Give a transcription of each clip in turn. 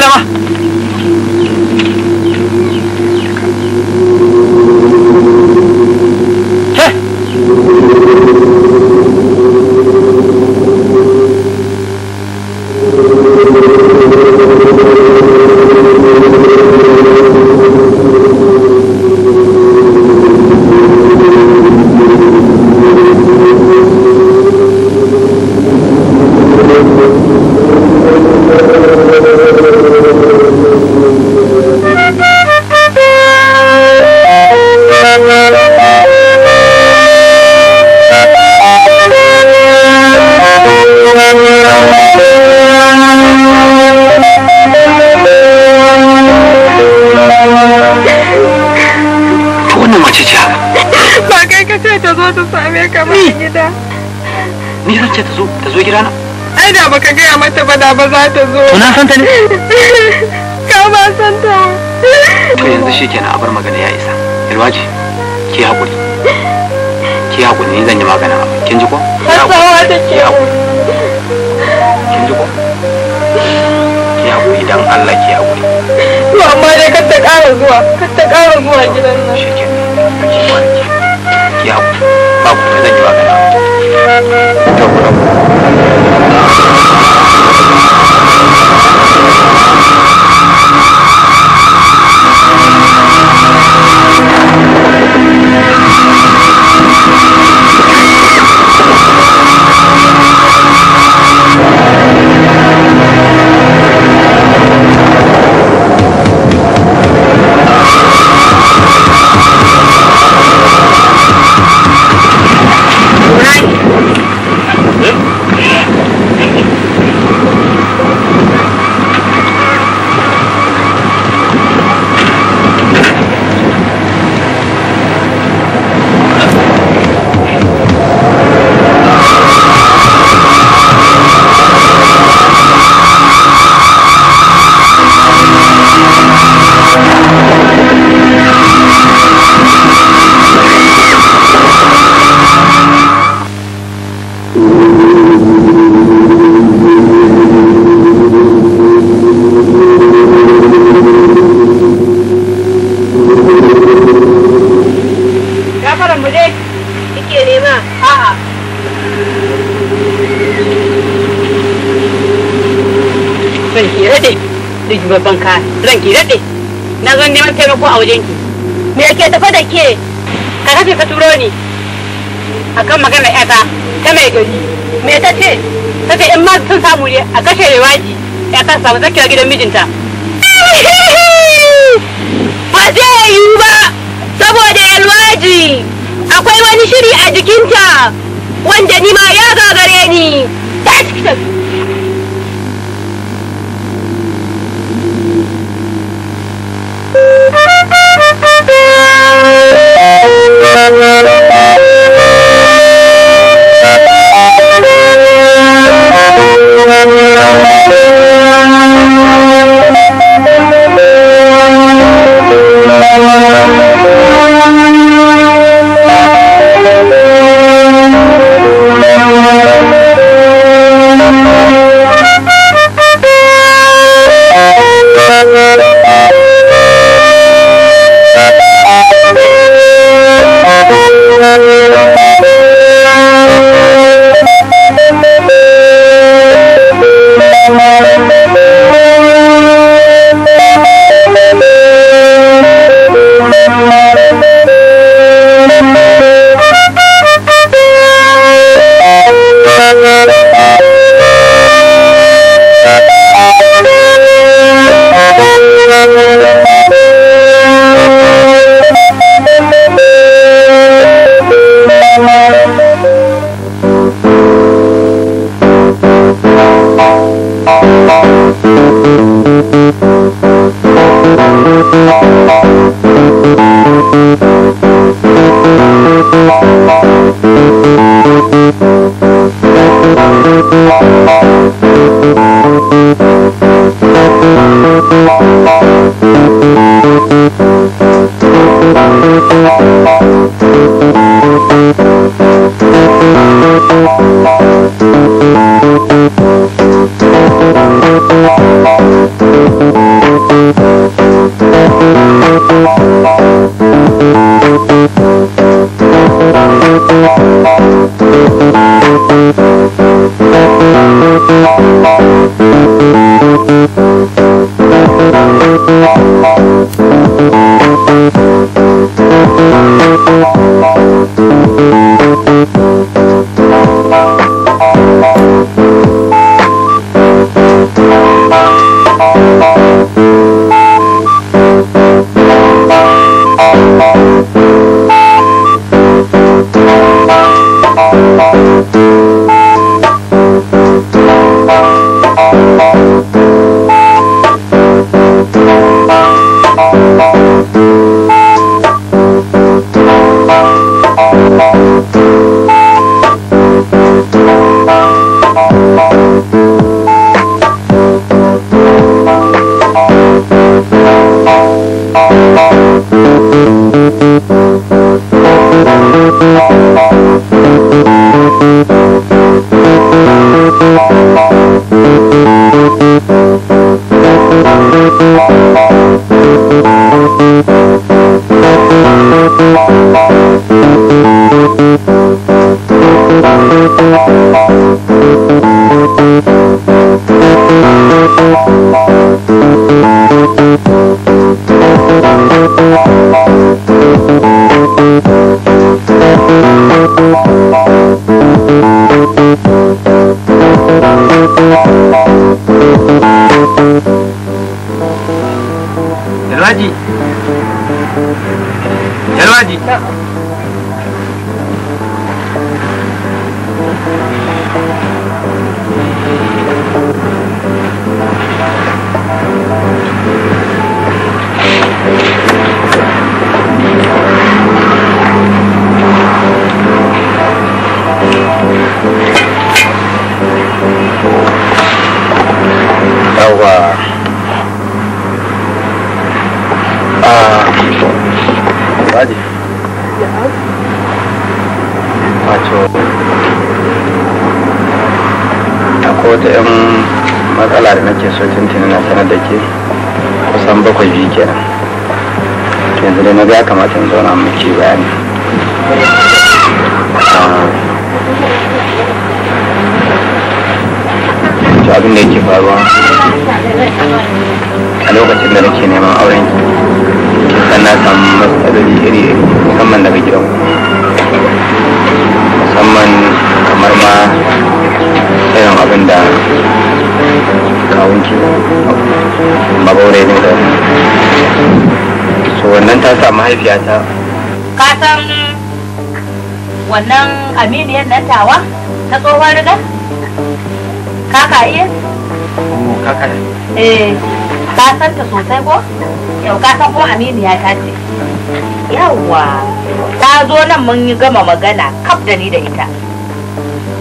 来两万。rana ai da baka gaya mata ba da ba za ta zo to na san ta ne ka ba san ta to yanzu shikenan a bar magana ya isa yalwaji ki haƙuri? ki haƙuri ni zan yi maganin ba? kin ji ko har tsawa ki haƙuri. kin ji ko ki haƙuri, dan Allah ki haƙuri. to amma dai kar ta ƙara zuwa kar ta ƙara zuwa gidan nan shikenan ki haƙuri, ba ku zan yi maganin abin to a wajen ki me ke tafa da ke ka kafe ka turo ni akan magana yata ta mai gari me ta ce ta ce in ma sun samu ne a kashe rewaji ya ta samu tsakiyar gidan mijinta ba zai yiwu ba saboda yalwaji akwai wani shiri a jikinta wanda ni ma ya gagare ni mahaifiyata ka san wannan aminiyar nan tawa ta tsohon riga kaka iya kaka eh ka san ta sosai ko yau ka san ko aminiya ta ce yawwa ta zo nan mun yi gama magana kaf da ni da ita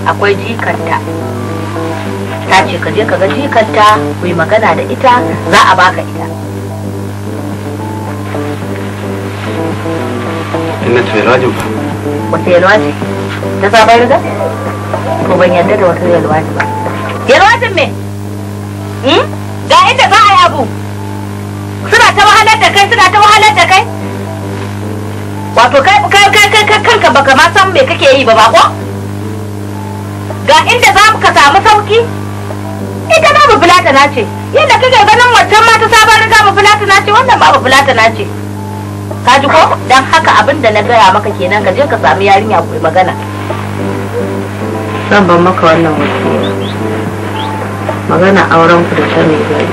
akwai jikanta ta ce ka je ka ga jikanta ku yi magana da ita za a baka ita jannatu yalwa ce ba wata yalwa ce ta sabon riga ko ban yarda da wata yalwa ce ba yalwa ce me hmm? ga inda za a yi abu suna ta wahalar da kai suna ta wahalar da kai wato kai kai kai kai kanka baka ma san me kake yi ba bako ga inda za ka samu sauki ita ma ba fulatana ce yadda kake ganin wancan ma ta sabon riga ba fulatana ce wannan ma ba fulatana ce ka ji ko don haka abin da na gaya maka kenan ka je ka sami yarinya ku magana zan ban maka wannan wasu magana auren ku da ta mai gari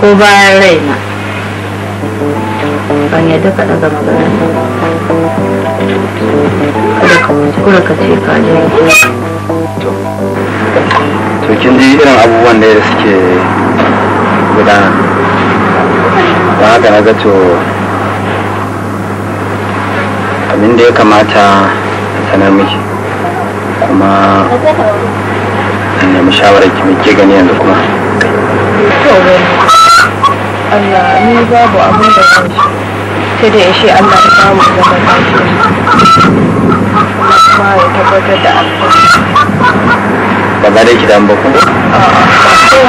ko bayan raina ban yadda ka daga magana kada ka kuskura ka ce ka je to kin ji irin abubuwan da suke gudana don haka na abin abinda ya kamata a sanar miki kuma an nemi shawarar ki muke gani yanzu kuma Allah ni babu abin da zan sai da ishe Allah ya samu zama lafiya kuma ya tabbatar da alfahari ba ma dai kidan ba kuma ina so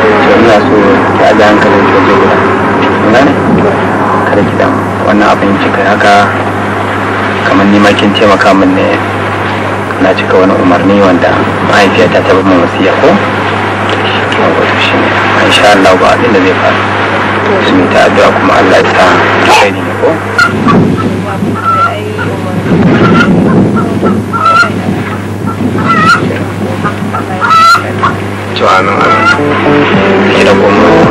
ki aje hankalin ki waje guda ina ne kada ki damu wannan abin cika haka kamar ni ma kin taimaka min ne na cika wani umarni wanda mahaifiyata ta ba mu wasiya ko wato shi ne insha Allah ba abin da zai faru su ta addu'a kuma Allah ya sa kai ne ko cyo ahantu hamwe kugira ngo umuntu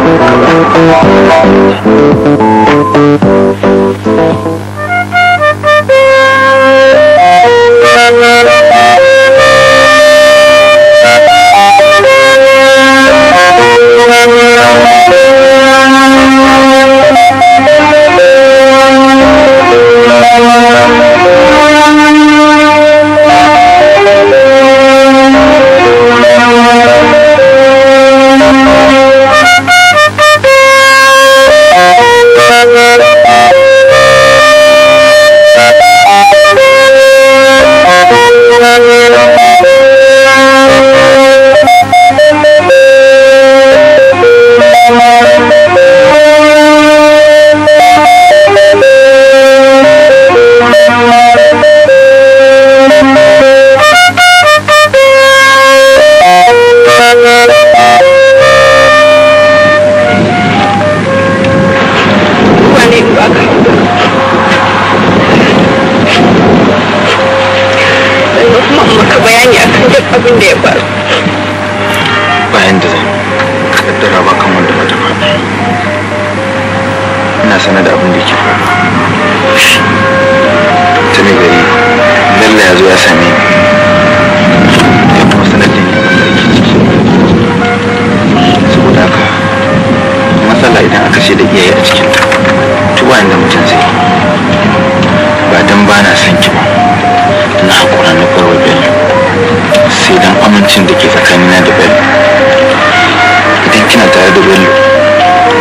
tare da bello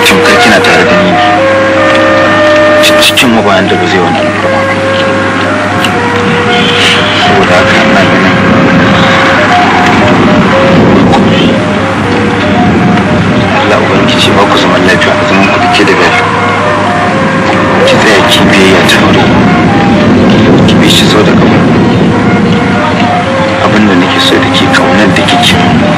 tamkar kina tare da ni ne cikin mabayan da ba zai wani alfarma saboda haka ina ganin Allah ubangiji ba ku zaman lafiya a zaman ku dake da bello ki tsaya ki biyayya ta wuri ki bi shi zo da kafa abin da nake so da ke kaunar da kike mun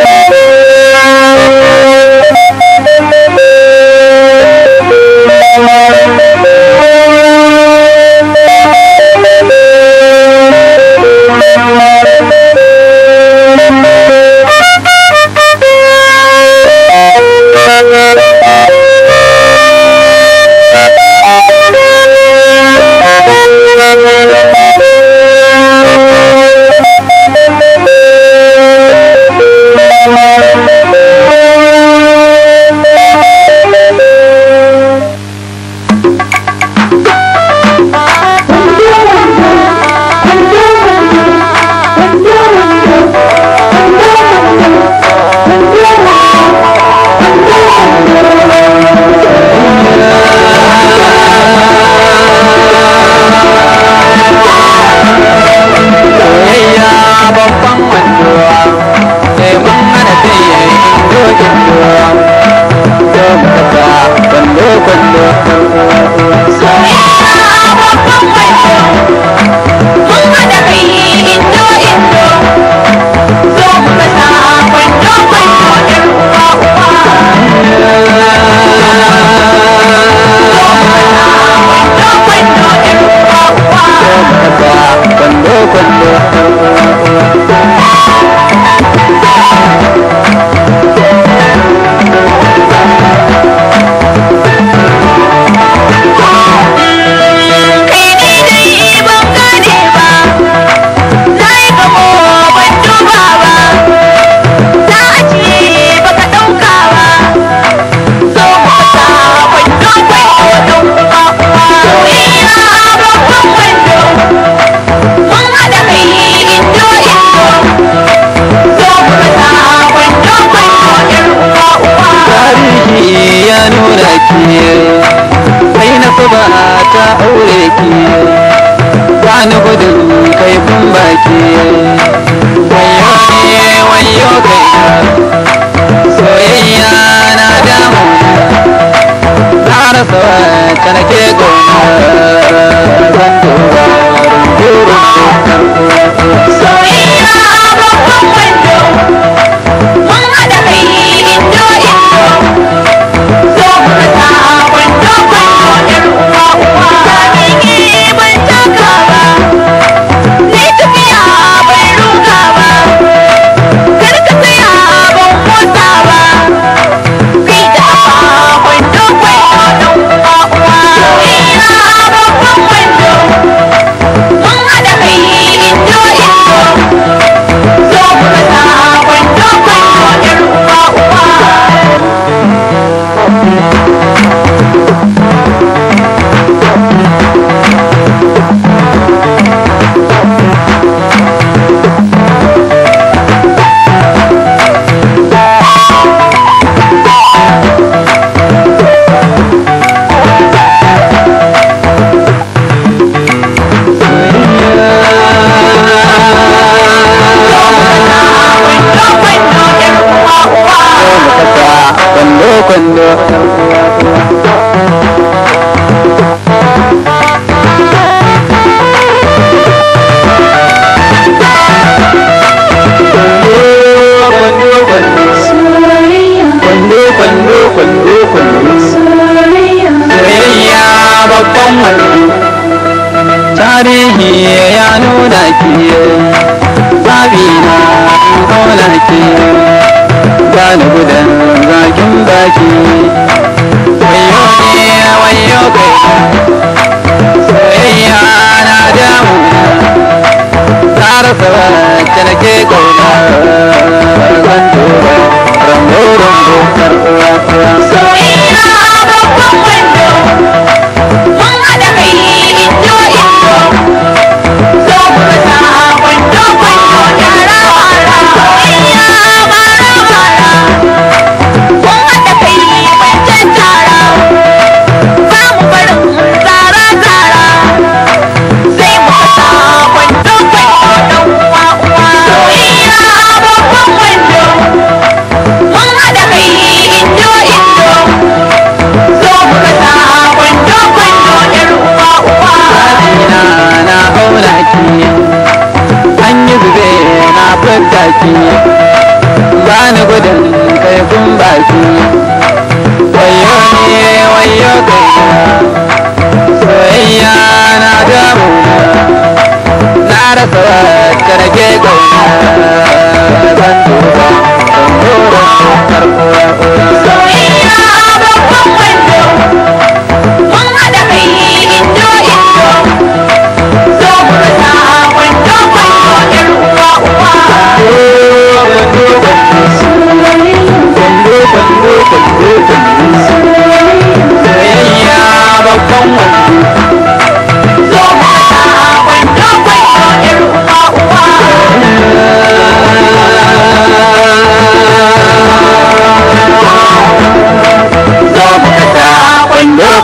Thank you.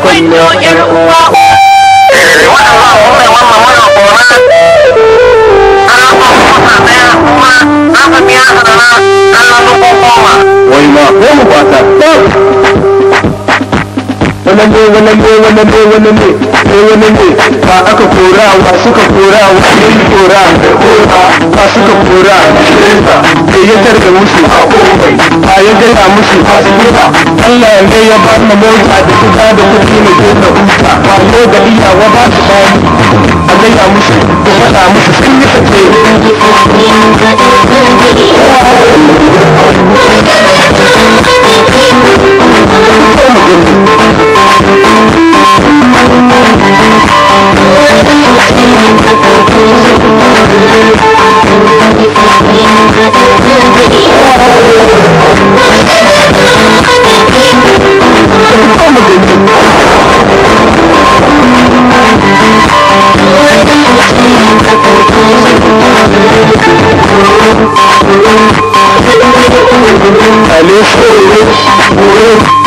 kunyo yar uwa wai ma ko mu ba ta wannan ne wannan ba aka korawa suka korawa sun korawa fa suka kora gayyatar da musu ba ya gaya musu Allah ya ne ya ba mu mota da kuka da kuɗi ne je da kuka. ba ko da iya wa ba su ba a gaya musu ko faɗa musu sun yi sake Thank you. Alif, Alif, Alif,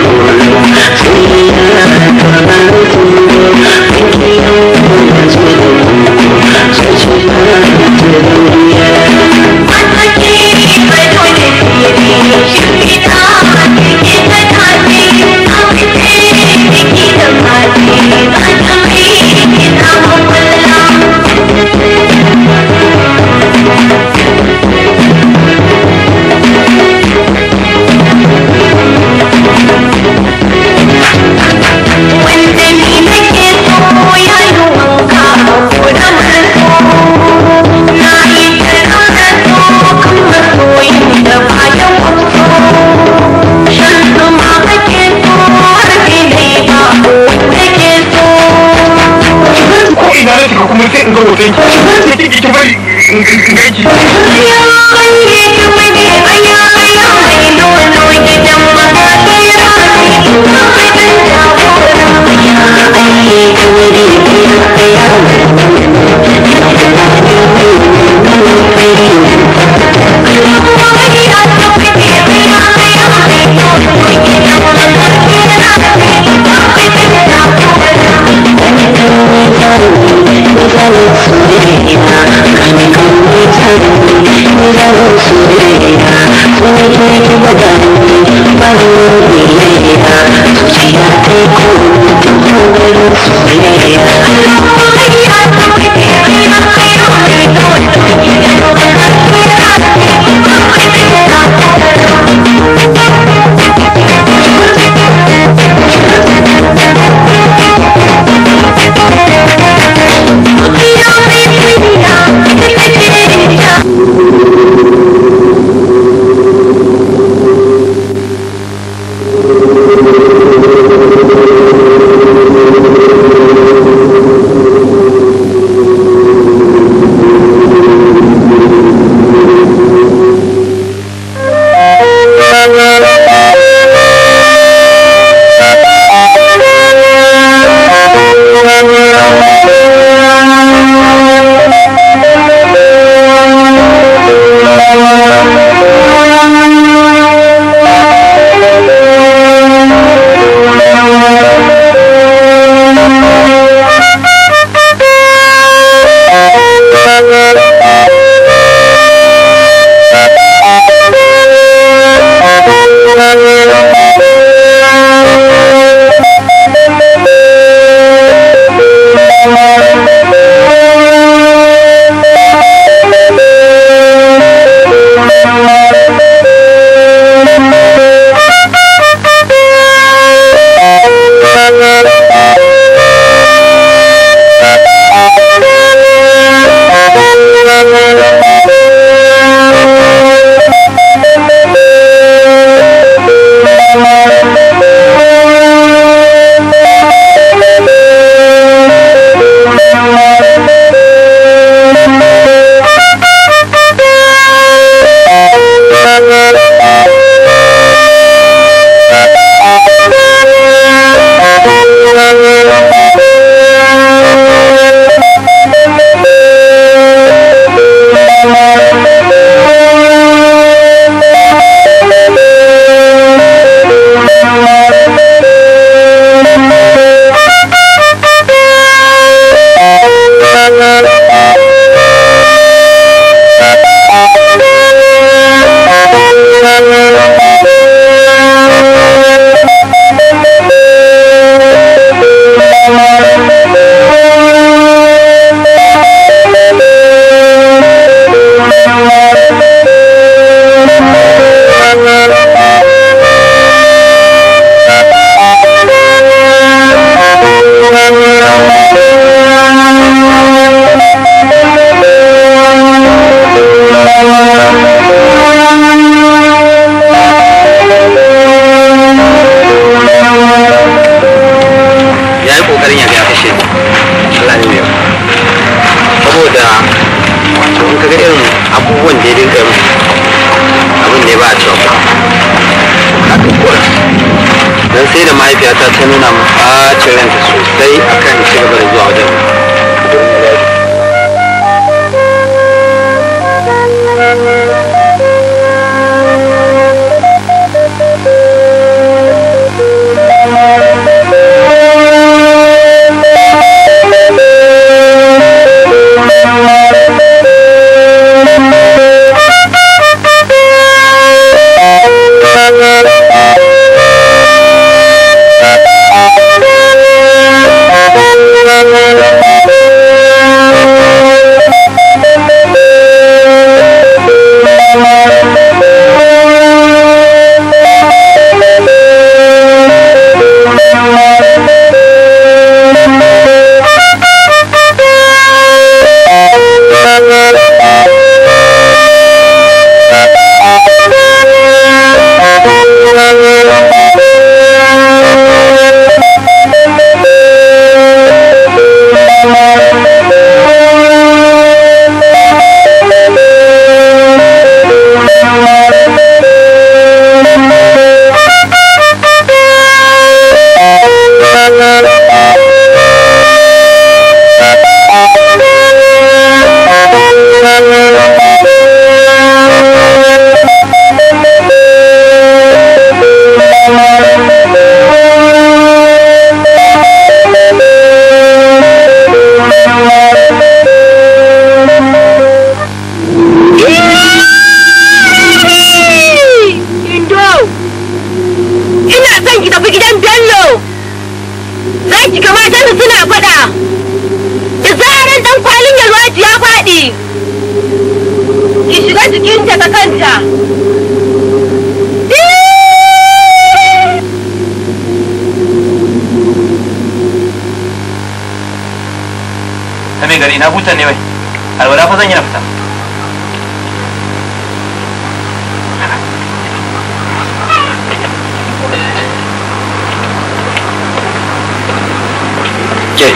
ke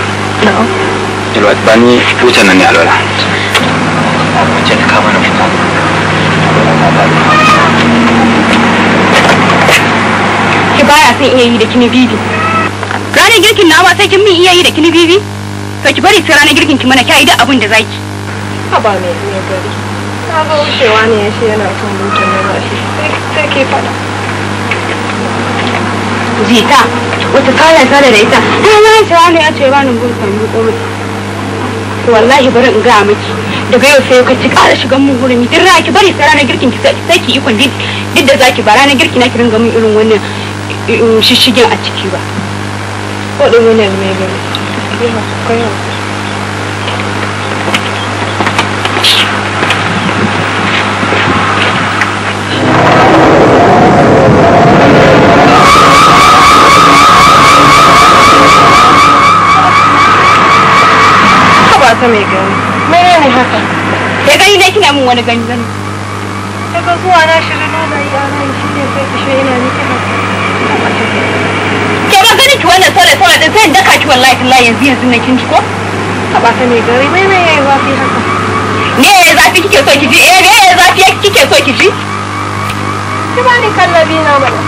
yalwa ba ni wucin nan ne alwala wucin ki baya son iya yi da kini bibi ranar girkin na sai kin min iya yi da kini bibi to ki bari sai ranar girkin ki mana kya yi duk abin da zaki ha ba gari na ga wucewa ne ya ce yana son na shi sai ke zita wata kala tare da ita ai na ce ne ya ce ba nan kan mu komai to wallahi bari in ga miki daga yau sai ka ci ƙara shigan mun hurumi dirra ki bari sai ranar girkin ki sai ki ikon din duk da zaki ba ranar girki na ki ringa mun irin wannan shishigin a ciki ba ko ɗin wannan mai gari Ka mai gani. Mene ne haka? Da gani dai kina min wani gani gani. Daga zuwa na shirin na da iya nan shi ne sai ki na ni haka. Ke ba gani ki wannan saurayi saurayi din sai daka ki wallahi tallahi yanzu yanzu na kin ci ko? Taba ka mai gari mai mai yayi zafi haka. Me yayi zafi kike so ki ji? Eh ne yayi zafi kike so ki ji? Ki ba ni kallabi na bane.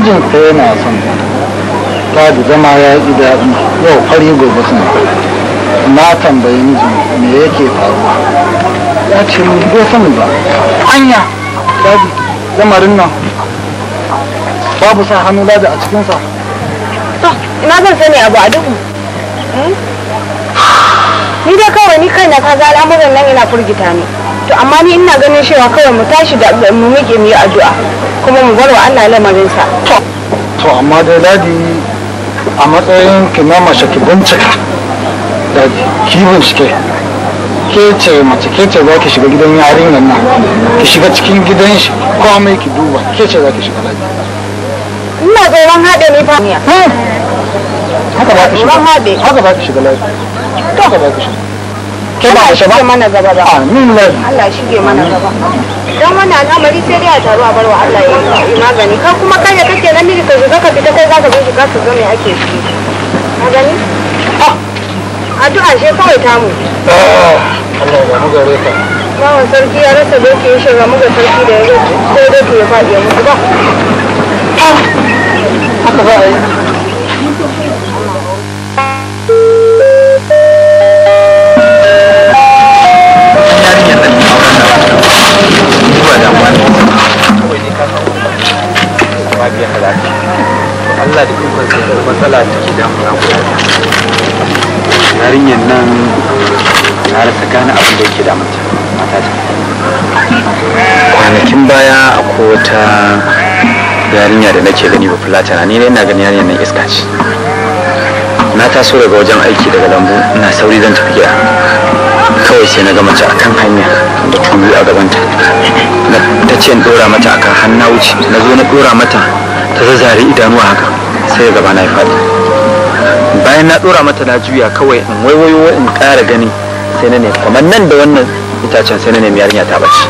mijin sa yana son ta da zama ya ji daɗi yau fari gobe sun na tambayi mijin me yake faruwa ya ce mu bai san ba anya babu lamarin nan babu sa hannu da a cikinsa to ina zan sani abu a duhu hmm? ni dai kawai ni kaina ka ga al'amuran nan yana furgita ne to amma ni ina ganin cewa kawai mu tashi da mu miƙe mu yi addu'a kuma mu bar wa Allah sa. to amma dai ladi a matsayin ki na mace ki bincika da ki shi ke ce mace ke ce za ki shiga gidan yarinyar nan ki shiga cikin gidan shi komai ki duba ke ce za ki shiga ladi ina tsoron haɗe ne fa haka ba ki shiga haka ba ki shiga ladi haka ba ki shiga Ah, Allah shige mana gaba ba. Amin lai. Allah shige mana gaba. Dan wannan al'amari sai dai a taro a barwa Allah ya yi magani. Ka kuma kai da kake namiji ka shiga ka fita kai zaka je shiga ka ga me ake ciki. Ka gani? Ah, addu'a ce kawai tamu. Ah, Allah ya mu gare ka. Bawan sarki ya rasa doki ya shiga muga sarki da ya zo sai doki ya faɗi ya mutu ba. Haka ba a yi. amma biya Allah da ikon da matsala da ke damuna ko yarinyar nan na rasa gane abin da yake damunta mata ta kwanakin baya akwai wata yarinya da nake gani ba na, ni ne na gani yarinyar nan iska ce na taso daga wajen aiki daga lambu ina sauri zan tafiya. kawai sai na ga mace kan hanya da tulu a gabanta ta ce na dora mata a kan na wuce na zo na dora mata ta zazzare idanuwa haka sai gaba na ya faɗi bayan na dora mata na juya kawai in waiwayo in ƙara gani sai na nemi kamar nan da wannan itacen sai na nemi yarinya ta bace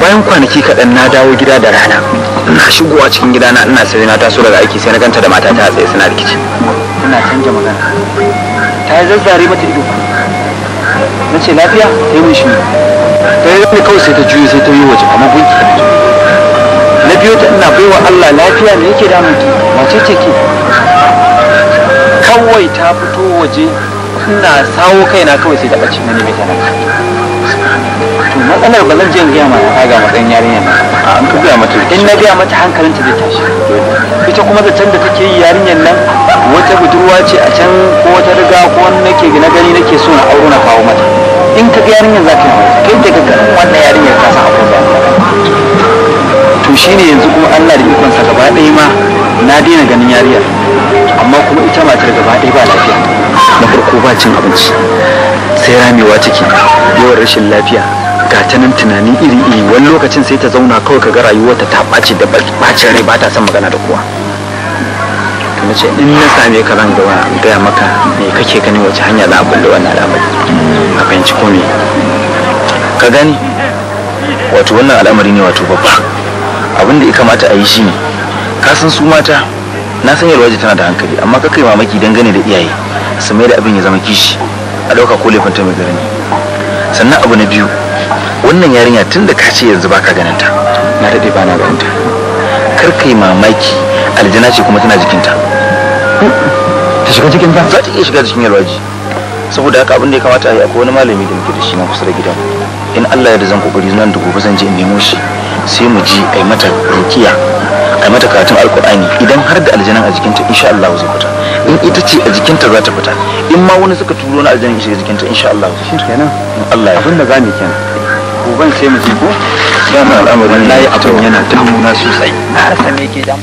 bayan kwanaki kaɗan na dawo gida da rana ina shigowa cikin gidana ina sai na taso daga aiki sai na ganta da mata ta tsaye suna rikici ina canja magana ta zazzare mata ido na ce lafiya ta yi mishi ta yi ne kawai sai ta juyo sai ta yi waje kamar gunki na biyo ta ina baiwa Allah lafiya ne yake damun ki wace ce ke kawai ta fito waje ina sawo kaina kawai sai ta ɓace na mai tana to matsalar ba zan je gaya ma ta ga matsayin yarinya nan a an ka gaya mata in na gaya mata hankalinta zai tashi ita kuma zaton da take yi yarinyar nan wata budurwa ce a can ko wata riga ko wani nake na gani nake so na auro na kawo mata in ka ga yarinyar za ta yi kai da gaggara wanda wannan yarinyar ta san akwai bayan to shine yanzu kuma Allah da ikon sa gaba ɗaya ma na daina ganin yariya, amma kuma ita matar gaba ɗaya ba lafiya na farko ba cin abinci sai ramewa ciki, yawan rashin lafiya ga ta nan tunani iri iri wani lokacin sai ta zauna kawai ka ga rayuwarta ta ɓace da ɓacin rai ba ta son magana da kowa mace ce in na same ka zan gaba gaya maka me kake ganin wace hanya za a kulle wannan al'amari mm. a fahimci ko me ka gani wato wannan al'amari ne wato babba abin da ya kamata a yi shi ne ka san su mata na san yarwaje tana da hankali amma ka kai mamaki dangane da iyaye su mai da abin ya zama kishi a ɗauka ko laifinta mai gari sannan abu na biyu wannan yarinya tun da ka ce yanzu ka ganin ta na daɗe ba na ganin ta kar kai mamaki aljana ce kuma tana jikinta ta shiga cikin ta za ta iya shiga cikin yalwaji saboda haka abin da ya kamata a yi akwai wani malami da muke da shi na kusa da gidan in Allah ya da zan kokari nan da gobe zan je in nemo shi sai mu ji ai mata rukiya ai mata karatun alkur'ani idan har da aljanan a jikinta insha Allah zai fita in ita ce a jikinta za ta fita in ma wani suka turo na aljanan shiga jikinta insha Allah shi kenan in Allah ya abinda zamu kenan goban sai mu ji ko dama al'amarin wallahi abin yana damuna sosai na rasa me yake damu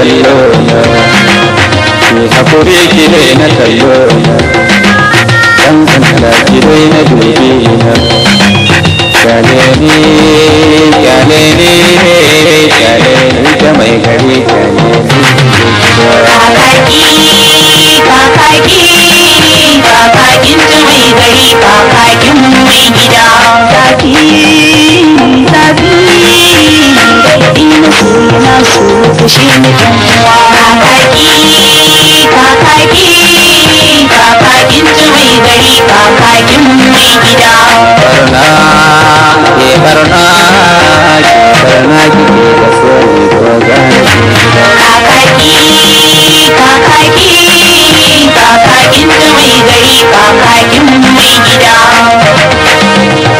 kallo na ki hakuri ki dai na kallo na dan kankara ki dai na dubi na kyale ni kyale ni kyale ni ta mai gari kyale ni kakaki kakaki kakakin ta mai gari kakakin mai gida zafi zafi ina so yana so ku shi ne dan uwa kakaki kakaki kakakin mai gari kakakin mai gida barna ke barna ke barna ke da so ne ko gane kakaki kakaki kakakin mai gari kakakin mai gida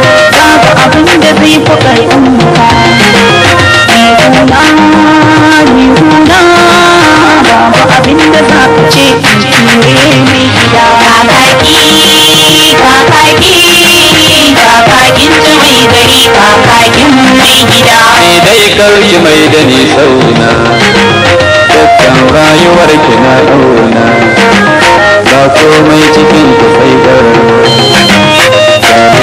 babu abin da zai fi ƙarfin ka hula ni hula babu abin da za ka ce jure mai gida kakaki kakaki kakakin ta mai gari kakakin mai gida dai karki mai da ni sauna dukkan rayuwar kina ɗauna ba komai cikin ta sai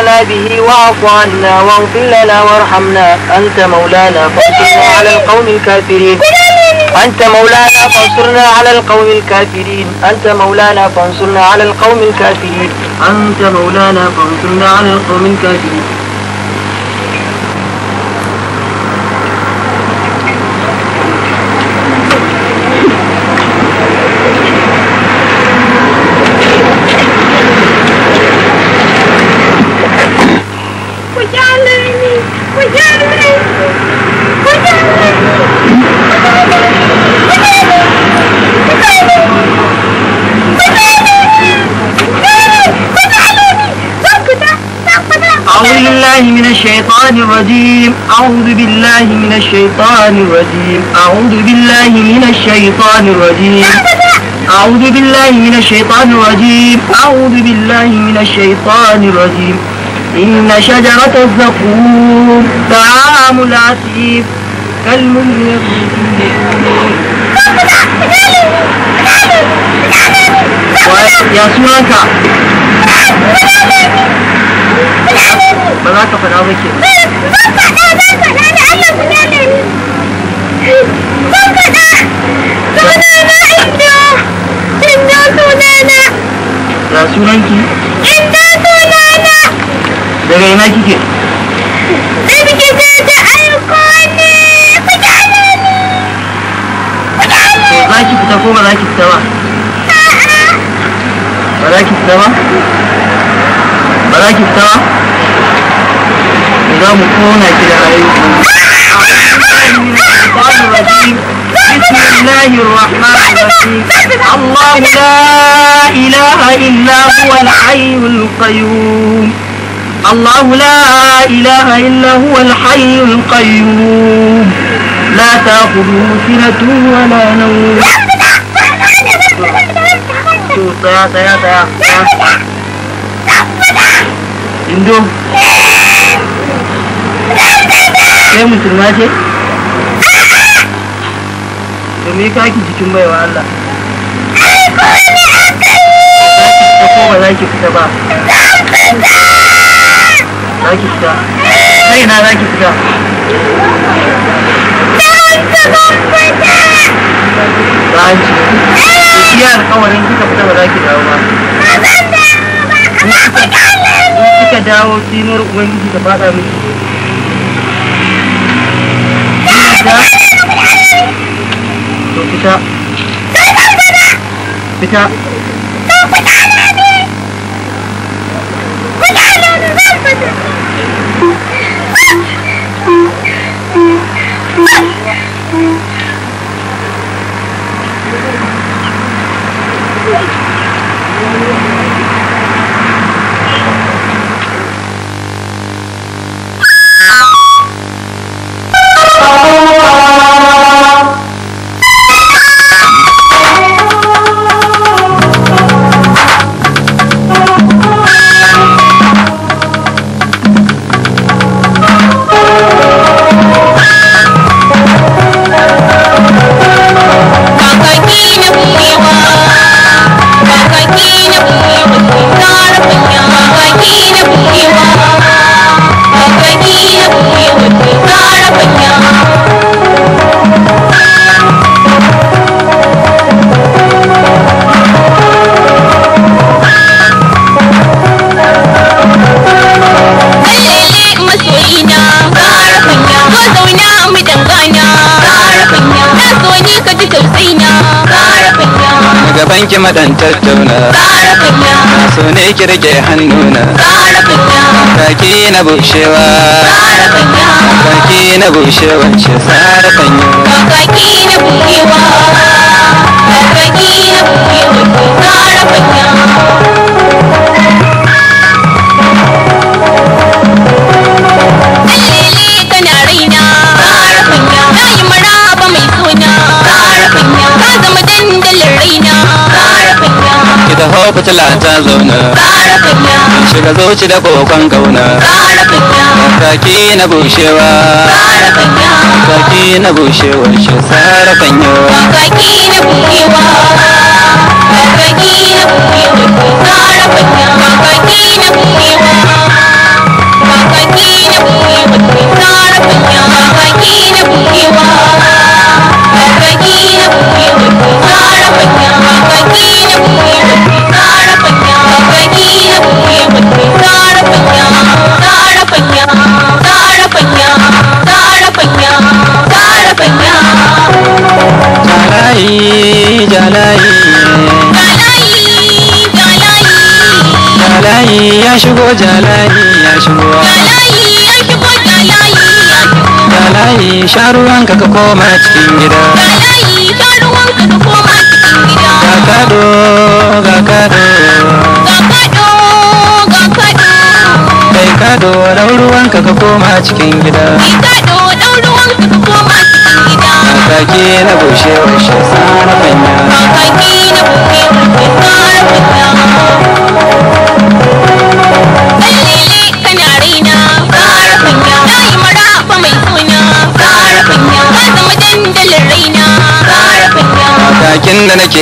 لنا به واعف عنا واغفر لنا وارحمنا أنت مولانا فانصرنا على القوم الكافرين أنت مولانا فانصرنا على القوم الكافرين أنت مولانا فانصرنا على القوم الكافرين أنت مولانا فانصرنا على القوم الكافرين الشيطان الرجيم أعوذ بالله من الشيطان الرجيم أعوذ بالله من الشيطان الرجيم أعوذ بالله من الشيطان الرجيم أعوذ بالله من الشيطان الرجيم إن شجرة الزقوم طعام العسيف كالمن ya sunanka ba za faɗa ba zan faɗa zan faɗa Allah ni zan faɗa sunana sunana ya sunanki sunana kike da ne kuke za ki fita ko ba za ki fita ba ba za ki بسم الله الرحمن الرحيم الله لا إله إلا هو الحي القيوم الله لا إله إلا هو الحي القيوم لا تأخذه سنة ولا نوم Indo Kai musulma ce? To me ka ki jikin baiwa Allah? Ko ba za ki fita ba? Za ki fita. na za ki fita. Biar kau orang kita pernah berlagi tahu mah. Kita jauh timur kembali kita pada mesti. Kita. Kita. Kita. Kita. you. ki madan tattauna so ne ki rike hannuna baki na bushewa baki na bushewa ce tsara kanyo baki na bushewa baki na bushewa tsara kanyo ta hau fitila ta zauna shiga zuci da kokon kauna saki na bushewa saki na bushewa shi tsara kanyo saki na bushewa saki na bushewa tsara kanyo saki na bushewa saki na bushewa tsara kanyo na bushewa jalayi ya shigo jalayi ya shigo jalayi ya shigo jalayi bala'i sha ruwanka ka koma cikin gida bala'i sha ruwanka ka koma cikin gida ga kado ga kado ga kado kai kado dau ruwanka ka koma cikin gida kai kado dau ruwanka ka koma cikin gida kakaki na bushewar shi tsara manya kakaki na bushewar shi tsara manya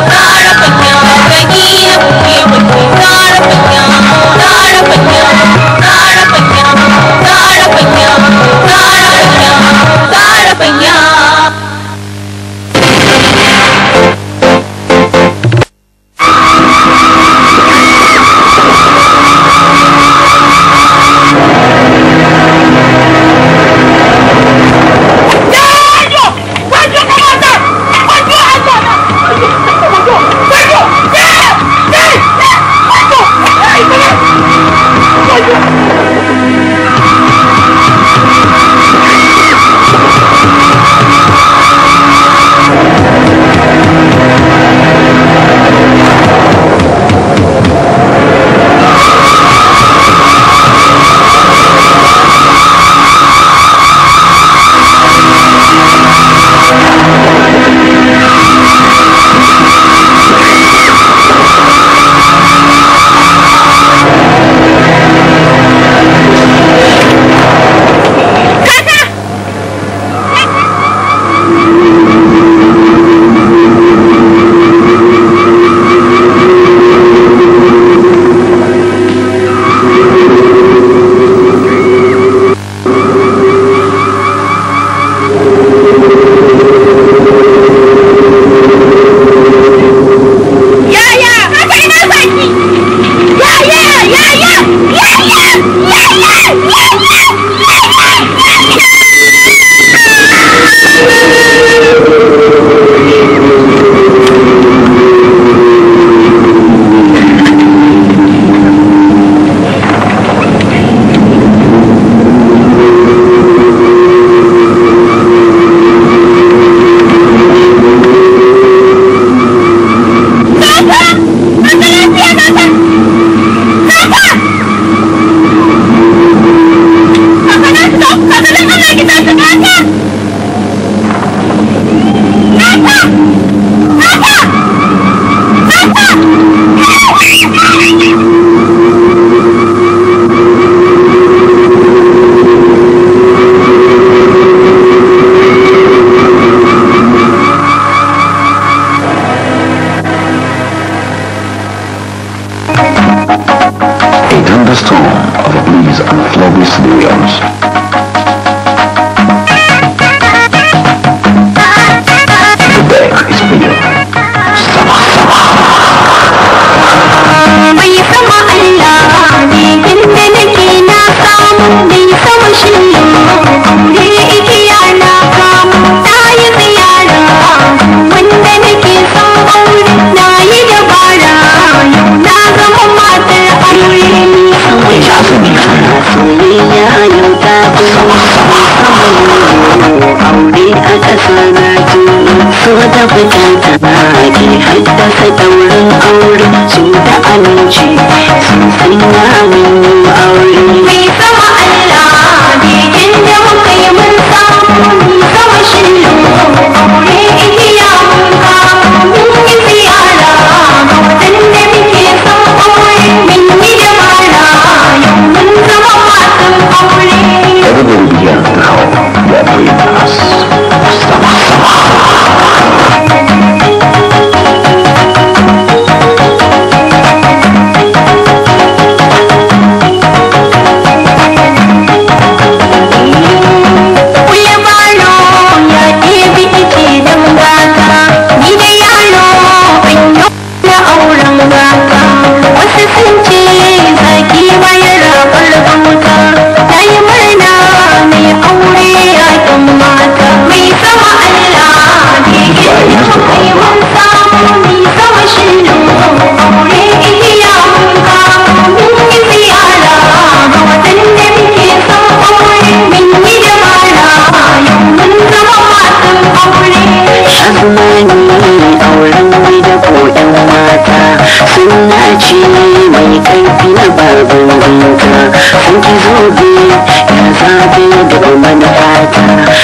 தாழ பையா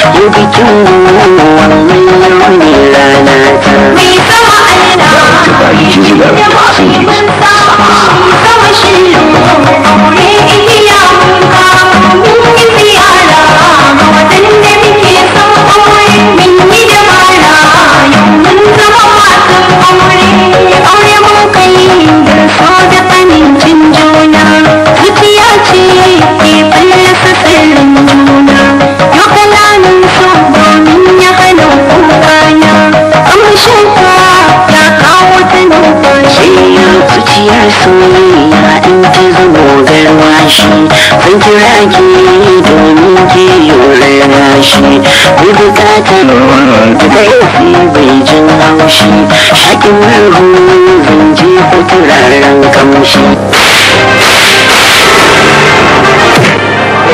bikin wannan yawan rana ta mai sama Allah ya ta bari jiya sama shirin mu ne iya mun zuciyar soyayya in ta zubo garwashi zan kira ki domin ki yorana shi bai bukatar zaifi bai jin haushi shakin marhu zan je ko turaren kamshi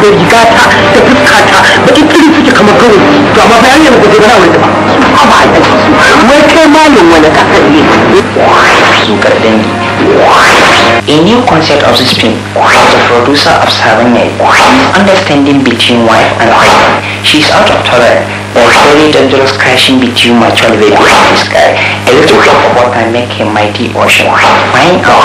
da riga ta to amma A new concept of this film of the producer of Seven Years understanding between wife and husband. She is out of tolerance the very dangerous crashing between my child baby and this guy. A little drop of water can make a mighty ocean. Find out.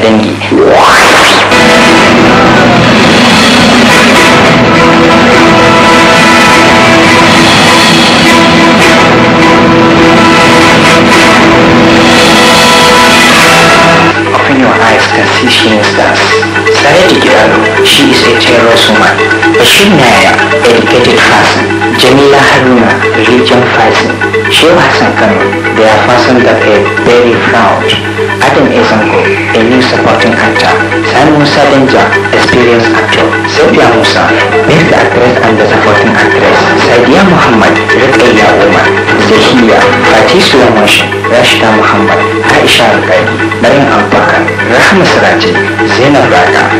Dengue. Yes. his tare da gidano she is a terrorist woman Bashir Naya educated person Jamila Haruna religion person she was in Kano they are person that a very proud Adam Ezanko a new supporting actor Sani Musa Denja experienced actor Sophia Musa best actress and the supporting actress Sadiya Muhammad Rukaiya Umar Zahiya Fatih Sulaiman Rashida Muhammad Aisha Alkai Maryam Abubakar Rahma Siraji Zainab Rada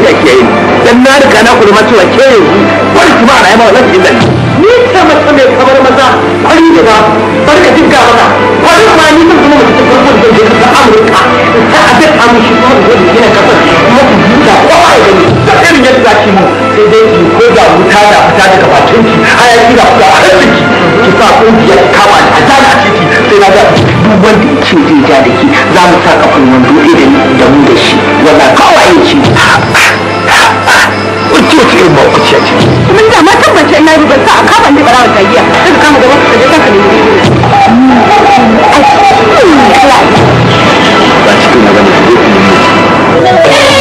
tafiya ke yi dan na riga na ku zama cewa ke yi bari ki ba rayuwa wannan cikin nan ni ta mace mai kamar maza bari ki ba bari ka dinga mana bari ma ni zan zama mutum farko da zai kasa amurka ta a amurki kuma da zai gina kasar kuma ku huta kowa ya gani ta irin yadda za ki mu sai dai ki ko da wuta da fita daga bakin ki hayaki da kuka a hannun ki ki sa ƙungiyar kama da a jana ciki sai na ga duk ce zai ja da ke za mu sa kafin wando da mu da shi wannan kawai ce ce ce irin mawukaci ce. Mun da ma tabbata ina yi ban a kaban da barawa ta giya sai kama gaba ka je kanka ne. Ba cikin magana ne.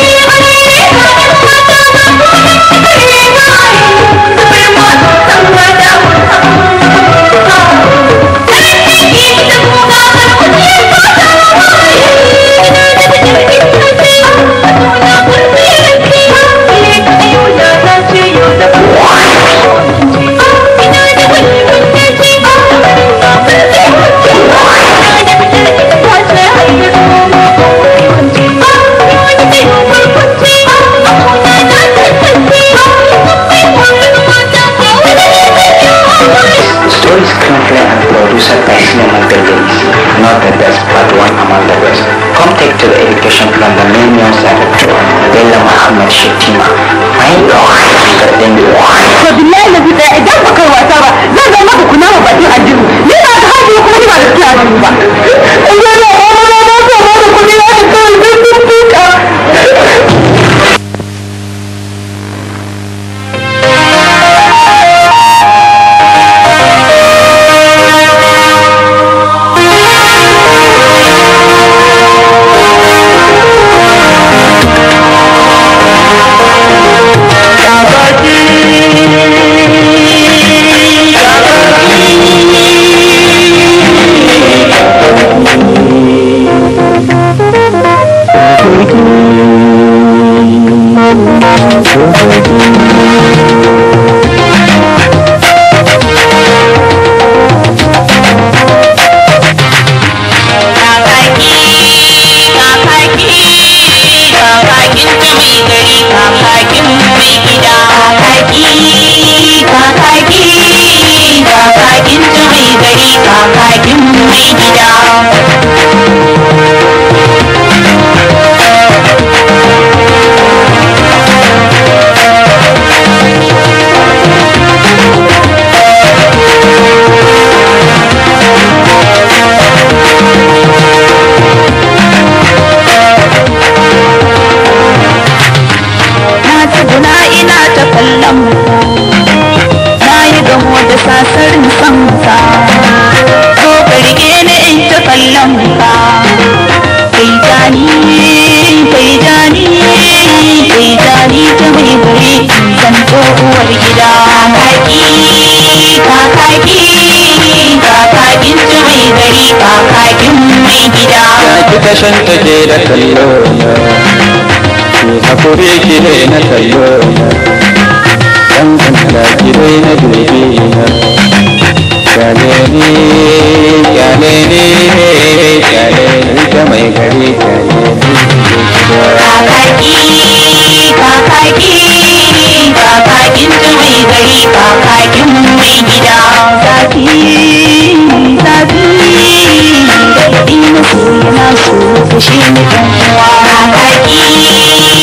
dashen take da kallo na ki hakuri ki dai na kallo na dan kankara ki dai na dubi na kyale ni kyale ni kyale ni ta mai gari kyale ni kakaki kakaki kakakin mai gari kakakin mai gida zafi zafi ina so yana so ku shi ne kakaki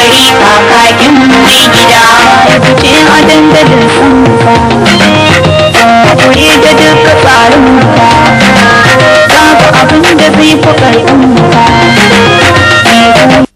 gari kakakin mai gida ce a dandalin tsanka kure da duka tsarin ka babu abin da zai fi ƙarfin ka